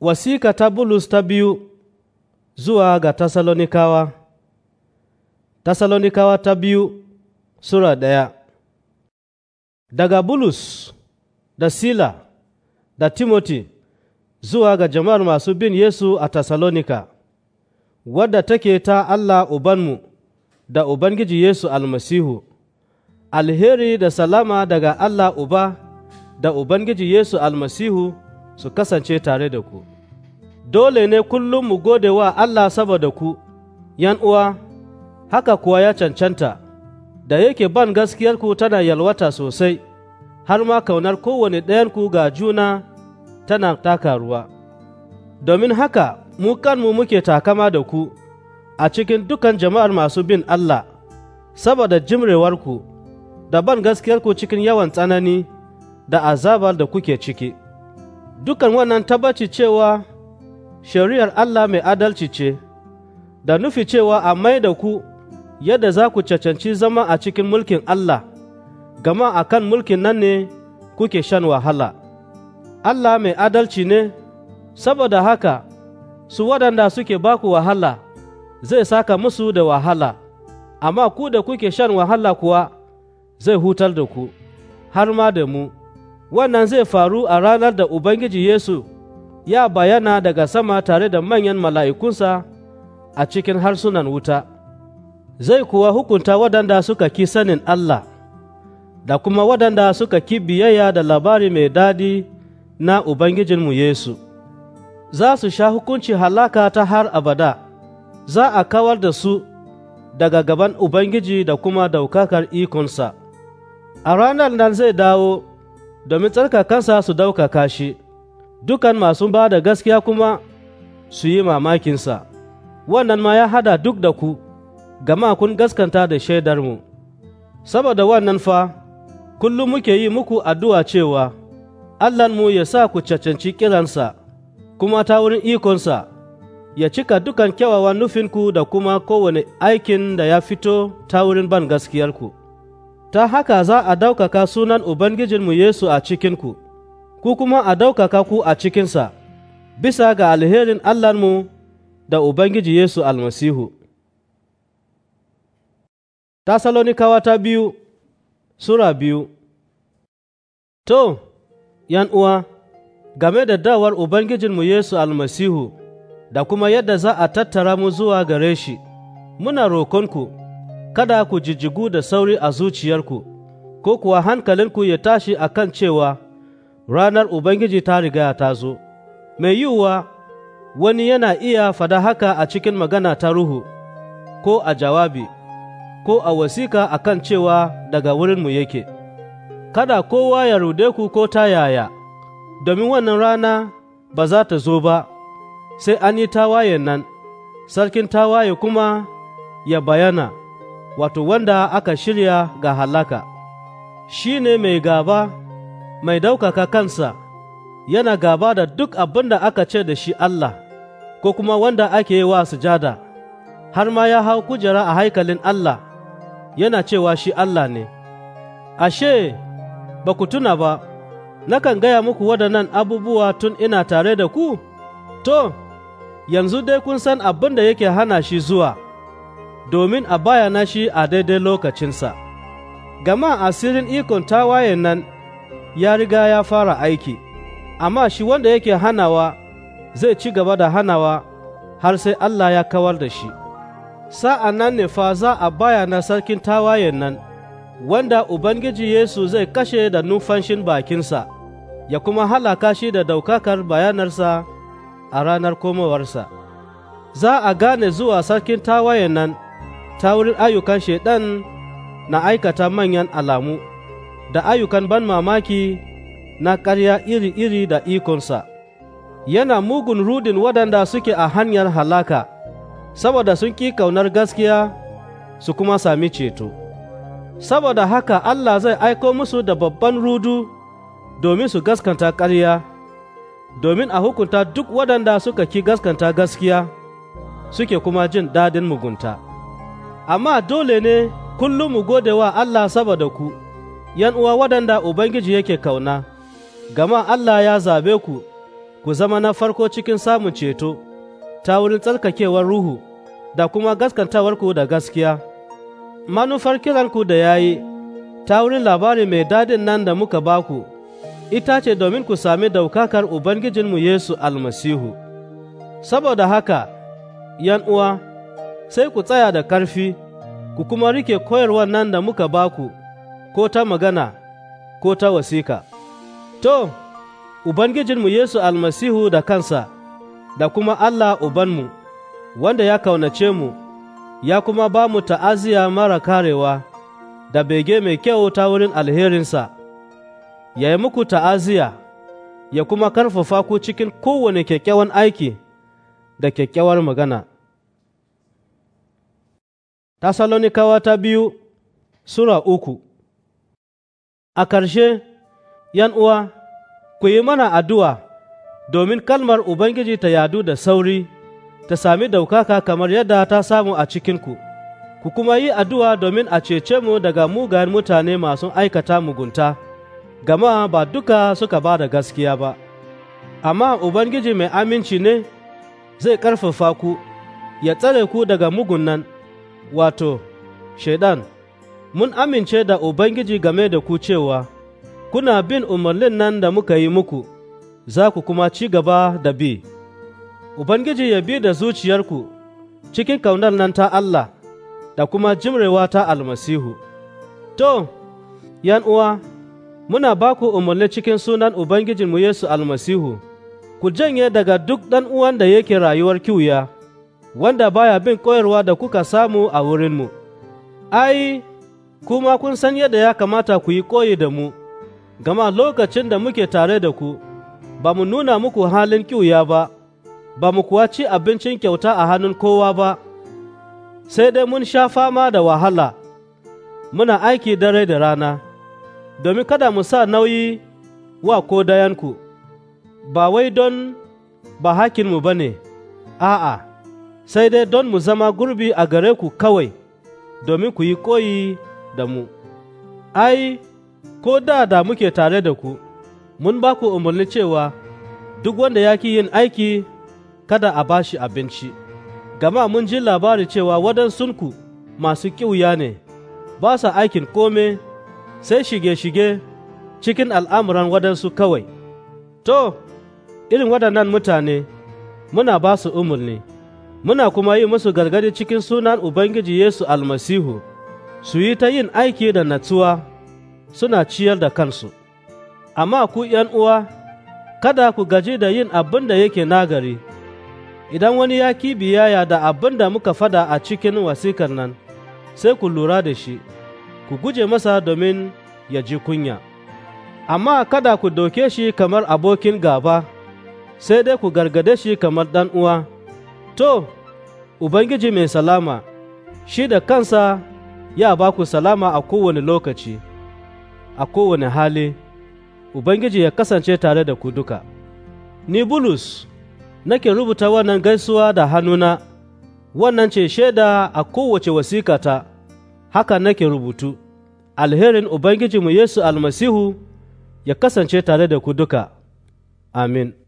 Wasika ta Bulus ta biyu zuwa ga Tasalonikawa Tasalonikawa ta biyu Sura ɗaya Daga Bulus da Sila da Timoti zuwa ga jama'ar masu bin Yesu a Tasalonika, wadda take ta Allah Ubanmu da Ubangiji Yesu almasihu, alheri da salama daga Allah Uba da Ubangiji Yesu almasihu. su kasance tare da ku. Dole ne kullum mu gode wa Allah saboda ku, yan uwa, haka kuwa ya cancanta, da yake ban gaskiyarku tana yalwata sosai, har ma kaunar kowane ɗayanku ga juna tana takaruwa. Domin haka, mu kanmu muke takama da ku a cikin dukan jama'ar masu bin Allah, saboda jimrewarku, da ban gaskiyarku cikin yawan tsanani da azabar da kuke ciki. dukan wannan tabbaci cewa shari'ar Allah mai adalci ce, da nufi cewa a mai da ku yadda za ku cancanci zama a cikin mulkin Allah, gama a kan mulkin nan ne kuke shan wahala. Allah mai adalci ne, saboda haka su waɗanda suke baku wahala zai saka musu da wahala, amma ku da kuke shan wahala kuwa zai hutar da ku, har ma da mu. wannan zai faru a ranar da Ubangiji Yesu ya bayana daga sama tare da manyan mala'ikunsa a cikin harsunan wuta, zai kuwa hukunta waɗanda suka ki sanin Allah da kuma waɗanda suka ki biyayya da labari mai daɗi na Ubangijinmu Yesu. Za su sha hukunci halaka ta har abada, za a kawar da su daga gaban Ubangiji da kuma daukakar ikonsa. A ranar nan zai dawo domin tsarkakansa su ɗaukaka shi, dukan masu ba da gaskiya kuma su yi mamakinsa, wannan ma ya hada duk da ku, gama kun gaskanta da shaidarmu. Saboda wannan fa, kullum muke yi muku addu'a cewa, mu ya sa ku cancanci kiransa, kuma ta wurin ikonsa, ya cika dukan kyawawan nufinku da kuma kowane aikin da ya fito ta wurin ban gaskiyarku. ta haka za a ɗaukaka sunan Ubangijinmu Yesu a cikinku, ku kuma a ɗaukaka ku a cikinsa, bisa ga alherin Allahnmu da Ubangiji Yesu almasihu. Tasalonikawa ta biyu Sura biyu To, ’yan uwa, game da dawar Ubangijinmu Yesu almasihu da kuma yadda za a tattara mu zuwa gare shi, muna rokonku. kada ku jijjigu da sauri a zuciyarku, ko kuwa hankalinku ya tashi a kan cewa ranar Ubangiji ta riga ta zo. Mai yiwuwa wani yana iya fada haka a cikin magana ta ruhu, ko a jawabi, ko a wasika a kan cewa daga wurinmu yake. Kada kowa ya rude ku ko ta yaya, domin wannan rana ba za ta zo ba, sai an yi tawaye nan, sarkin tawaye kuma ya bayana. wato wanda aka shirya ga halaka, shi ne mai gaba, mai ɗaukaka kansa, yana gaba da duk abin da aka ce da shi Allah, ko kuma wanda ake yi wa sujada, har ma ya hau kujera a haikalin Allah, yana cewa shi Allah ne. Ashe, ba ku tuna ba, nakan gaya muku waɗannan abubuwa tun ina tare da ku? To, yanzu dai kun san abin da yake hana shi zuwa. domin a bayana shi a daidai lokacinsa, gama asirin ikon tawayen nan ya riga ya fara aiki, amma shi wanda yake hanawa zai ci gaba da hanawa har sai Allah ya kawar da shi. Sa'a nan ne fa za a bayana sarkin tawayen nan, wanda Ubangiji Yesu zai kashe da numfanshin bakinsa, ya kuma halaka shi da daukakar bayanarsa a ranar komowarsa. Za a gane zuwa sarkin tawayen nan. ta wurin ayyukan shaiɗan na aikata manyan alamu da ayyukan ban mamaki na karya iri-iri da ikonsa, yana mugun rudin waɗanda suke a hanyar halaka, saboda sun ƙi ƙaunar gaskiya su kuma sami ceto. Saboda haka Allah zai aiko musu da babban rudu domin su gaskanta ƙarya, domin a hukunta duk waɗanda suka ki gaskanta gaskiya suke kuma jin dadin mugunta. amma dole ne kullum mu gode wa Allah saboda ku, ’yan uwa waɗanda Ubangiji yake kauna, gama Allah ya zabe ku, ku zama na farko cikin samun ceto, ta wurin tsarkakewar ruhu da kuma gaskantawarku da gaskiya. Manufar kiranku da ya yi, ta wurin labari mai dadin nan da muka ba ku. ita ce domin ku sami daukakar Ubangijinmu Yesu almasihu. Saboda haka, ’yan uwa, sai ku tsaya da ƙarfi, ku kuma rike koyarwar nan da muka ba ku ko ta magana, ko ta wasiƙa To, Ubangijinmu Yesu almasihu da kansa, da kuma Allah Ubanmu, wanda ya kaunace mu, ya kuma ba mu ta'aziya mara karewa, da bege mai kyau ta wurin alherinsa, ya yi muku ta'aziya, ya kuma karfafa ku cikin kowane kyakkyawan aiki da kyakkyawar magana. Tasalonikawa ta biyu Sura uku A ƙarshe, uwa, ku yi mana addu'a domin kalmar Ubangiji ta yadu da sauri, ta sami daukaka kamar yadda ta samu a cikinku, ku kuma yi addu'a domin a cece mu daga mugayen mutane masu aikata mugunta, gama ba duka suka ba da gaskiya ba. Amma Ubangiji mai aminci ne zai ƙarfafa ku, ya tsare ku daga mugun nan. wato, shaidan mun amince da Ubangiji game da ku cewa, kuna bin umarnin nan da muka yi muku, za ku kuma ci gaba da bi. Ubangiji ya bi da zuciyarku cikin kaunar nan ta Allah da kuma jimrewa ta almasihu. To, yan uwa, muna ba ku umarni cikin sunan Ubangijinmu Yesu almasihu, ku janye daga duk ɗan uwan da yake rayuwar kiwuya. wanda baya bin koyarwa da kuka samu a wurinmu, ai, kuma kun san yadda ya kamata ku yi koyi da mu, gama lokacin da muke tare da ku, ba mu nuna muku halin kyuya ba, ba mu kuwa ci abincin kyauta a hannun kowa ba, sai dai mun sha fama da wahala, muna aiki dare da rana, domin kada mu sa nauyi wa ko dayanku, ba wai don ba hakinmu ba ne, a'a. sai dai don mu zama gurbi a gare ku kawai domin ku yi koyi da mu. Ai, ko da da muke tare da ku, mun ba ku umarni cewa duk wanda ya ki yin aiki kada a ba shi abinci, gama mun ji labari cewa wadansunku masu ƙiwuya ne, ba sa aikin kome sai shige-shige cikin al'amuran wadansu kawai. To, irin waɗannan mutane muna ba su umarni. muna kuma yi musu gargadi cikin sunan Ubangiji Yesu almasihu, su yi ta yin aiki da natsuwa suna ciyar da kansu, amma ku yan uwa, kada ku gaji da yin abin da yake nagari, idan wani ya kibiyaya da abin da muka fada a cikin wasikar nan, sai ku lura da shi, ku guje masa domin ya ji kunya. Amma kada ku doke shi kamar abokin gaba, sai dai ku gargade shi kamar ɗan uwa. To, Ubangiji mai salama, shi da kansa ya ba ku salama a kowane lokaci, a kowane hali, Ubangiji ya kasance tare da ku duka. Ni Bulus, nake rubuta wannan gaisuwa da hannuna, wannan ce shaida a kowace wasikata, haka nake rubutu. Alherin mu Yesu almasihu ya kasance tare da ku duka. Amin.